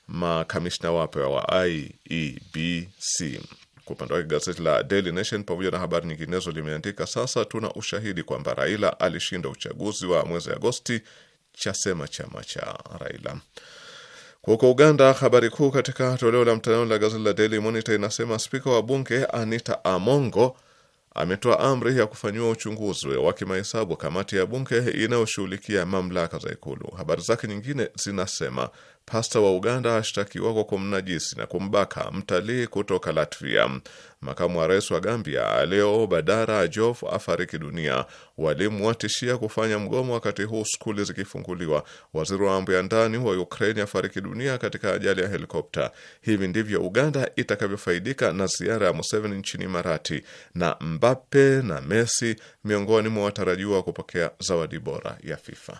makamishna wapya wa IEBC. Kwa upande wake gazeti la Daily Nation pamoja na habari nyinginezo limeandika, sasa tuna ushahidi kwamba Raila alishinda uchaguzi wa mwezi Agosti chasema chama cha Raila. Kwa huko Uganda, habari kuu katika toleo la mtandao la gazeti la Daily Monitor inasema spika wa bunge Anita Amongo ametoa amri ya kufanyiwa uchunguzi wa kimahesabu kamati ya bunge inayoshughulikia mamlaka za Ikulu. Habari zake nyingine zinasema Pasta wa Uganda ashtakiwa kwa kumnajisi na kumbaka mtalii kutoka Latvia. Makamu wa rais wa Gambia leo Badara Jof afariki dunia. Walimu watishia kufanya mgomo wakati huu skuli zikifunguliwa. Waziri wa mambo ya ndani wa Ukraini afariki dunia katika ajali ya helikopta. Hivi ndivyo Uganda itakavyofaidika na ziara ya Museveni nchini Marati, na Mbappe na Messi miongoni mwa watarajiwa wa kupokea zawadi bora ya FIFA.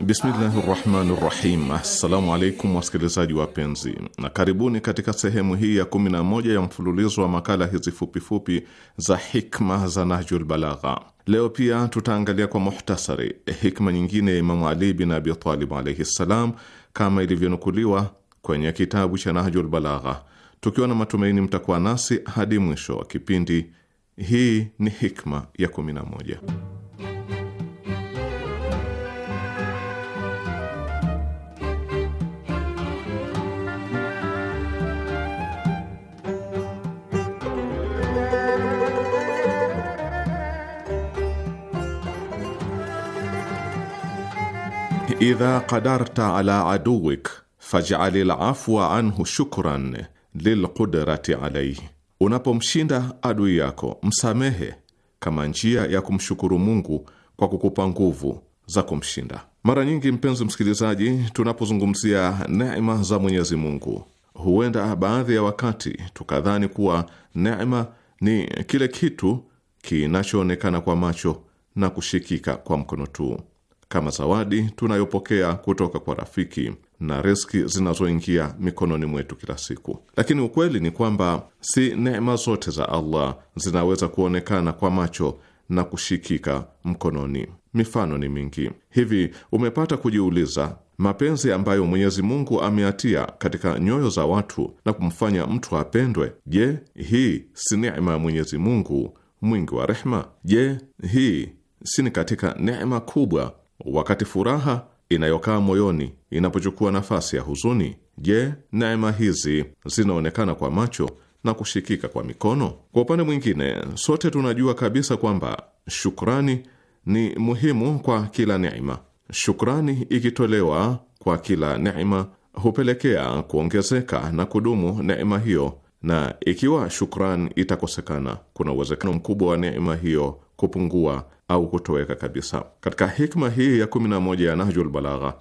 Bismillahi rahmani rahim. Assalamu alaikum wasikilizaji wapenzi, na karibuni katika sehemu hii ya kumi na moja ya mfululizo wa makala hizi fupifupi za hikma za Nahjul Balagha. Leo pia tutaangalia kwa muhtasari hikma nyingine ya Imamu Ali bin Abi Talib alaihi ssalam, kama ilivyonukuliwa kwenye kitabu cha Nahjul Balagha, tukiwa na matumaini mtakuwa nasi hadi mwisho wa kipindi. Hii ni hikma ya kumi na moja. idha qadarta ala aduwik faj'alil afwa anhu shukran lilqudrati alayhi, unapomshinda adui yako msamehe kama njia ya kumshukuru Mungu kwa kukupa nguvu za kumshinda. Mara nyingi, mpenzi msikilizaji, tunapozungumzia neema za Mwenyezi Mungu, huenda baadhi ya wakati tukadhani kuwa neema ni kile kitu kinachoonekana kwa macho na kushikika kwa mkono tu kama zawadi tunayopokea kutoka kwa rafiki na riski zinazoingia mikononi mwetu kila siku. Lakini ukweli ni kwamba si neema zote za Allah zinaweza kuonekana kwa macho na kushikika mkononi. Mifano ni mingi. Hivi umepata kujiuliza mapenzi ambayo Mwenyezi Mungu ameatia katika nyoyo za watu na kumfanya mtu apendwe, je, hii si neema ya Mwenyezi Mungu mwingi wa rehma Je, hii si ni katika neema kubwa Wakati furaha inayokaa moyoni inapochukua nafasi ya huzuni, je, neema hizi zinaonekana kwa macho na kushikika kwa mikono? Kwa upande mwingine, sote tunajua kabisa kwamba shukrani ni muhimu kwa kila neema. Shukrani ikitolewa kwa kila neema hupelekea kuongezeka na kudumu neema hiyo na ikiwa shukran itakosekana, kuna uwezekano mkubwa wa neema hiyo kupungua au kutoweka kabisa. Katika hikma hii ya kumi na moja ya Nahjul Balagha,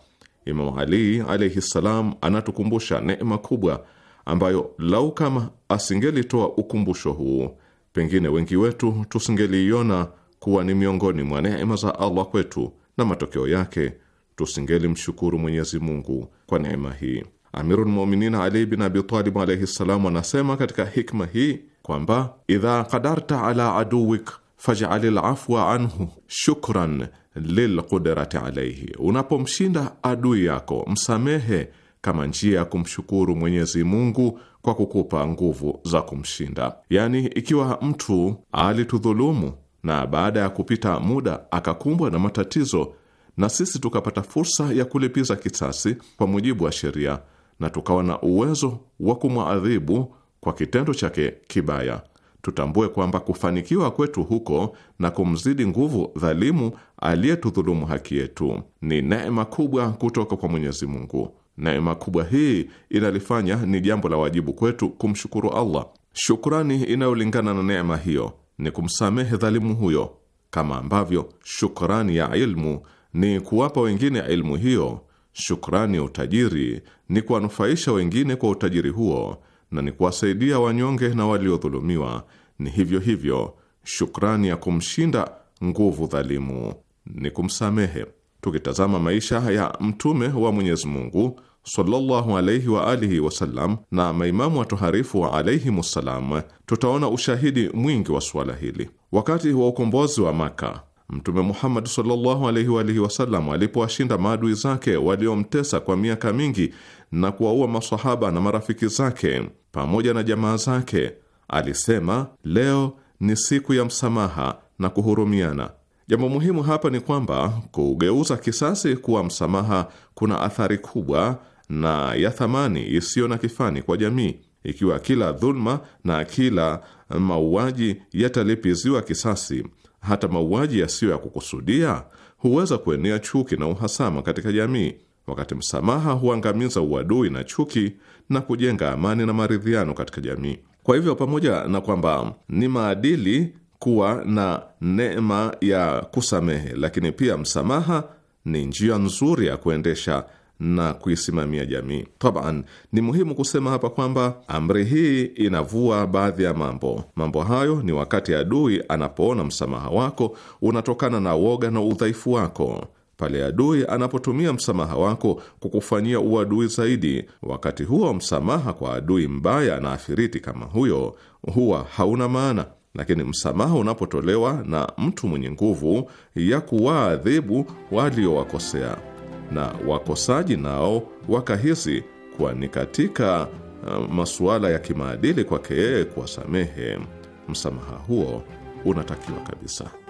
Imamu Ali alaihi ssalam anatukumbusha neema kubwa ambayo lau kama asingelitoa ukumbusho huu, pengine wengi wetu tusingeliiona kuwa ni miongoni mwa neema za Allah kwetu, na matokeo yake tusingelimshukuru Mwenyezi Mungu kwa neema hii. Amirul Muminin Ali bin Abi Talib alayhi salam anasema katika hikma hii kwamba idha qadarta ala aduwik fajali lafwa anhu shukran lilqudrati alaihi unapomshinda adui yako msamehe kama njia ya kumshukuru Mwenyezi Mungu kwa kukupa nguvu za kumshinda. Yaani, ikiwa mtu alitudhulumu na baada ya kupita muda akakumbwa na matatizo na sisi tukapata fursa ya kulipiza kisasi kwa mujibu wa sheria na tukawa na uwezo wa kumwadhibu kwa kitendo chake kibaya, tutambue kwamba kufanikiwa kwetu huko na kumzidi nguvu dhalimu aliyetudhulumu haki yetu ni neema kubwa kutoka kwa Mwenyezi Mungu. Neema kubwa hii inalifanya ni jambo la wajibu kwetu kumshukuru Allah. Shukrani inayolingana na neema hiyo ni kumsamehe dhalimu huyo, kama ambavyo shukrani ya ilmu ni kuwapa wengine ilmu hiyo Shukrani ya utajiri ni kuwanufaisha wengine kwa utajiri huo na ni kuwasaidia wanyonge na waliodhulumiwa. Ni hivyo hivyo, shukrani ya kumshinda nguvu dhalimu ni kumsamehe. Tukitazama maisha ya mtume wa Mwenyezi Mungu sallallahu alayhi wa alihi wasallam na maimamu watoharifu alayhimussalam, tutaona ushahidi mwingi wa suala hili. Wakati wa ukombozi wa Maka Mtume Muhammad sallallahu alaihi wa alihi wasallam alipowashinda maadui zake waliomtesa kwa miaka mingi na kuwaua masahaba na marafiki zake pamoja na jamaa zake, alisema leo ni siku ya msamaha na kuhurumiana. Jambo muhimu hapa ni kwamba kugeuza kisasi kuwa msamaha kuna athari kubwa na ya thamani isiyo na kifani kwa jamii. Ikiwa kila dhulma na kila mauaji yatalipiziwa kisasi hata mauaji yasiyo ya kukusudia huweza kuenea chuki na uhasama katika jamii, wakati msamaha huangamiza uadui na chuki na kujenga amani na maridhiano katika jamii. Kwa hivyo, pamoja na kwamba ni maadili kuwa na neema ya kusamehe, lakini pia msamaha ni njia nzuri ya kuendesha na kuisimamia jamii. Taban, ni muhimu kusema hapa kwamba amri hii inavua baadhi ya mambo. Mambo hayo ni wakati adui anapoona msamaha wako unatokana na woga na udhaifu wako, pale adui anapotumia msamaha wako kukufanyia uadui zaidi. Wakati huo msamaha kwa adui mbaya na afiriti kama huyo huwa hauna maana, lakini msamaha unapotolewa na mtu mwenye nguvu ya kuwaadhibu waliowakosea na wakosaji nao wakahisi kuwa ni katika uh, masuala ya kimaadili kwake yeye kuwasamehe, msamaha huo unatakiwa kabisa.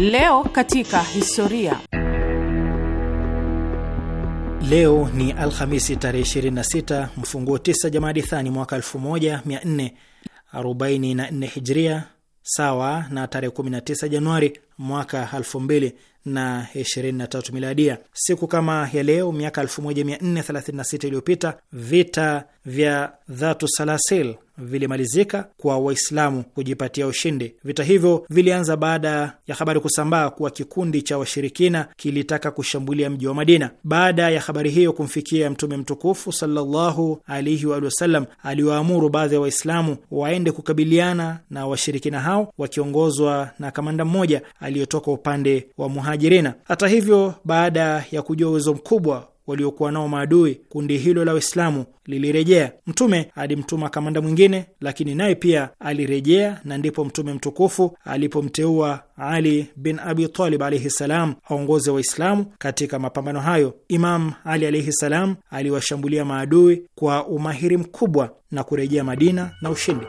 Leo katika historia. Leo ni Alhamisi tarehe 26 mfunguo 9 Jamadi Thani mwaka 1444 Hijria, sawa na tarehe 19 Januari mwaka 2000 na 23 miladia. Siku kama ya leo miaka 1436 iliyopita vita vya Dhatu Salasil vilimalizika kwa Waislamu kujipatia ushindi. Vita hivyo vilianza baada ya habari kusambaa kuwa kikundi cha washirikina kilitaka kushambulia mji wa Madina. Baada ya habari hiyo kumfikia Mtume mtukufu sallallahu alaihi wa sallam, aliwaamuru baadhi ya Waislamu waende kukabiliana na washirikina hao wakiongozwa na kamanda mmoja aliyetoka upande wa Muhammad Muhajirina. Hata hivyo, baada ya kujua uwezo mkubwa waliokuwa nao maadui, kundi hilo la Waislamu lilirejea. Mtume alimtuma kamanda mwingine, lakini naye pia alirejea, na ndipo Mtume mtukufu alipomteua Ali bin Abi Talib alaihi salam aongoze Waislamu katika mapambano hayo. Imam Ali alaihi salam aliwashambulia maadui kwa umahiri mkubwa na kurejea Madina na ushindi.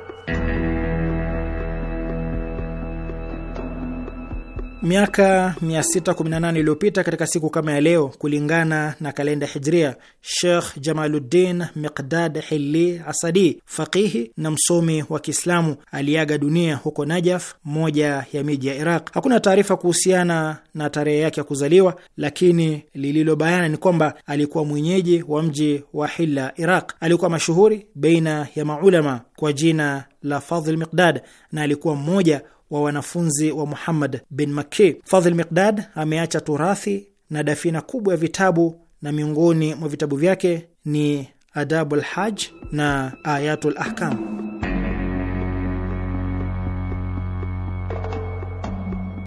Miaka 618 iliyopita katika siku kama ya leo, kulingana na kalenda Hijria, Sheikh Jamaluddin Miqdad Hilli Asadi, faqihi na msomi wa Kiislamu, aliaga dunia huko Najaf, moja ya miji ya Iraq. Hakuna taarifa kuhusiana na tarehe yake ya kuzaliwa, lakini lililobayana ni kwamba alikuwa mwenyeji wa mji wa Hilla, Iraq. Alikuwa mashuhuri baina ya maulama kwa jina la Fadhil Miqdad na alikuwa mmoja wa wanafunzi wa Muhammad bin Maki. Fadhil Miqdad ameacha turathi na dafina kubwa ya vitabu na miongoni mwa vitabu vyake ni Adabul Haj na Ayatul Ahkam.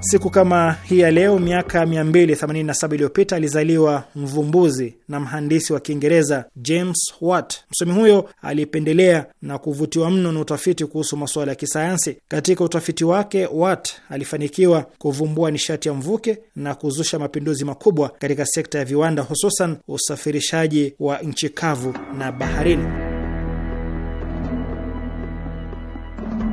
Siku kama hii ya leo miaka 287 iliyopita alizaliwa mvumbuzi na mhandisi wa Kiingereza James Watt. Msomi huyo alipendelea na kuvutiwa mno na utafiti kuhusu masuala ya kisayansi. Katika utafiti wake, Watt alifanikiwa kuvumbua nishati ya mvuke na kuzusha mapinduzi makubwa katika sekta ya viwanda, hususan usafirishaji wa nchi kavu na baharini.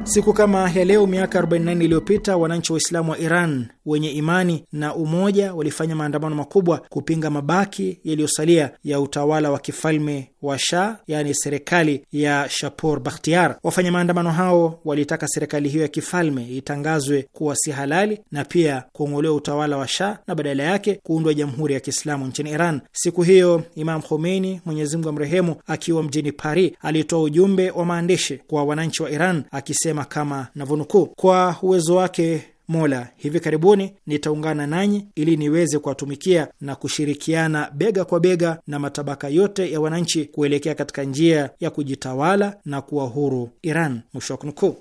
Siku kama ya leo miaka 44 iliyopita wananchi Waislamu wa Iran wenye imani na umoja walifanya maandamano makubwa kupinga mabaki yaliyosalia ya utawala wa kifalme wa sha yani serikali ya Shapor Bakhtiar. Wafanya maandamano hao walitaka serikali hiyo ya kifalme itangazwe kuwa si halali na pia kuongolewa utawala wa Shah na badala yake kuundwa jamhuri ya Kiislamu nchini Iran. Siku hiyo Imam Khomeini, Mwenyezi Mungu amrehemu, akiwa mjini Paris alitoa ujumbe wa maandishi kwa wananchi wa Iran akisema kama navyonukuu: kwa uwezo wake Mola, hivi karibuni nitaungana nanyi ili niweze kuwatumikia na kushirikiana bega kwa bega na matabaka yote ya wananchi kuelekea katika njia ya kujitawala na kuwa huru Iran. Mwisho wa kunukuu.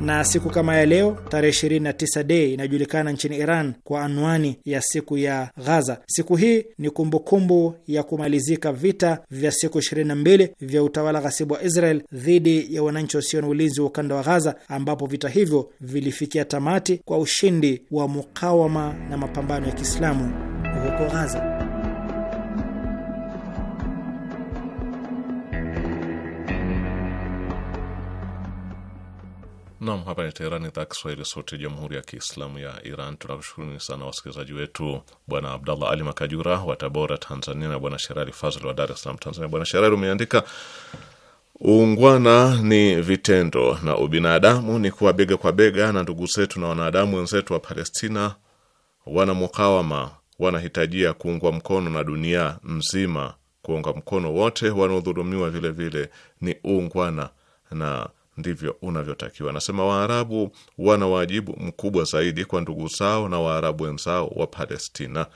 na siku kama ya leo tarehe 29 Dei inajulikana nchini Iran kwa anwani ya siku ya Ghaza. Siku hii ni kumbukumbu kumbu ya kumalizika vita vya siku 22 vya utawala ghasibu wa Israel dhidi ya wananchi wasio na ulinzi wa ukanda wa Ghaza, ambapo vita hivyo vilifikia tamati kwa ushindi wa mukawama na mapambano ya Kiislamu huko Ghaza. Nam, hapa ni Teherani, idhaa Kiswahili sote jamhuri ya Kiislamu ya Iran. Tunakushukuruni sana wasikilizaji wetu, Bwana Abdallah Ali Makajura wa Tabora, Tanzania, na Bwana Sherali Fazl wa Dar es Salaam, Tanzania. Bwana Sherali, umeandika uungwana ni vitendo na ubinadamu ni kuwa bega kwa bega na ndugu zetu na wanadamu wenzetu wa Palestina. Wana mukawama wanahitajia kuungwa mkono na dunia nzima. Kuunga mkono wote wanaodhulumiwa vilevile ni uungwana na ndivyo unavyotakiwa. Anasema Waarabu wana wajibu mkubwa zaidi kwa ndugu zao na Waarabu wenzao wa Palestina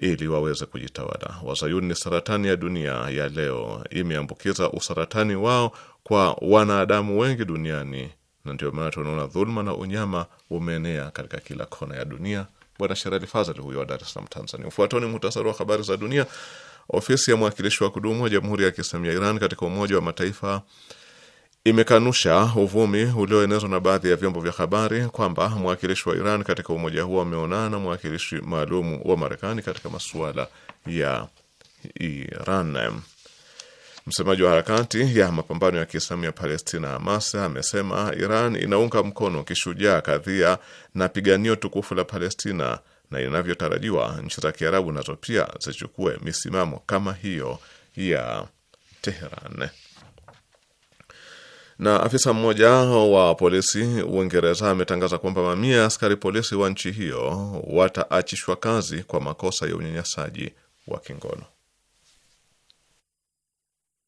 ili waweze kujitawala. Wazayuni ni saratani ya dunia ya leo, imeambukiza usaratani wao kwa wanadamu wengi duniani, na ndio maana tunaona dhuluma na unyama umeenea katika kila kona ya dunia. Bwana Sherali Fazali huyo wa Dar es Salaam, Tanzania. Ufuatao ni muhtasari wa habari za dunia. Ofisi ya mwakilishi wa kudumu wa Jamhuri ya Kiislamu ya Iran katika Umoja wa Mataifa imekanusha uvumi ulioenezwa na baadhi ya vyombo vya habari kwamba mwakilishi wa Iran katika umoja huo ameonana na mwakilishi maalum wa Marekani katika masuala ya Iran. Msemaji wa harakati ya mapambano ya Kiislamu ya Palestina, Hamas, amesema Iran inaunga mkono kishujaa kadhia na piganio tukufu la Palestina, na inavyotarajiwa nchi za Kiarabu nazo pia zichukue misimamo kama hiyo ya Teheran. Na afisa mmoja wa polisi Uingereza ametangaza kwamba mamia ya askari polisi wa nchi hiyo wataachishwa kazi kwa makosa ya unyanyasaji wa kingono